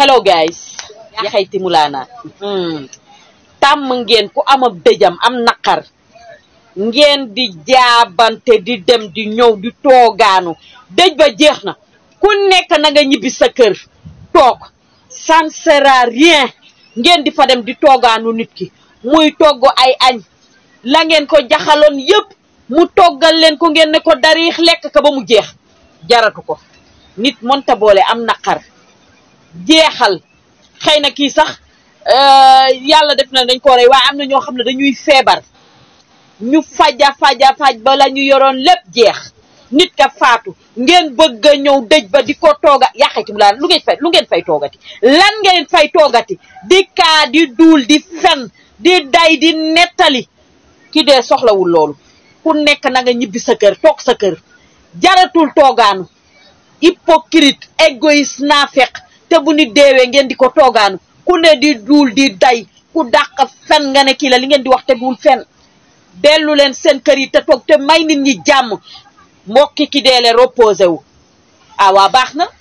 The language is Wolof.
hello guys yaxay hmm. tàmm ngeen ku am ab dëjam am naqar ngeen di jaabante di dem di ñëw di toogaanu dëj ba jeex na ku nekk na nga ñibbi sa kër toog ça ne ngeen di fa dem di toogaanu nit ki muy togg ay añ la ngeen ko jaxaloon yépp mu toggal leen ko ngeen ne ko dariix lekk ko ba mu jeex jaratu ko nit mënta boole am naqar jeexal xëy na kii sax euh, yàlla def na dañ ko rey waaye am na ñoo xam ne dañuy feebar ñu faja faja faj ba la ñu yoroon lépp jeex nit ka faatu ngeen bëgga ñëw dëj ba di ko tooga yàqati bu laa lu ngeen fay lu ngeen fay lan ngeen fay toogati di kaa di duul di fen di day di nettali ki dee soxlawul loolu ku nekk na ñibbi sa kër toog sa kër jaratul toogaanu hypocrite naa naafeq te bu nit deewee ngeen di ko toogaanu ku ne di duul di day ku dàq fen nga ne li ngeen di wax te duul fen dellu leen seen kër yi te toog te may nit ni jàmm mbokki ki deele reposé wu awa waa baax na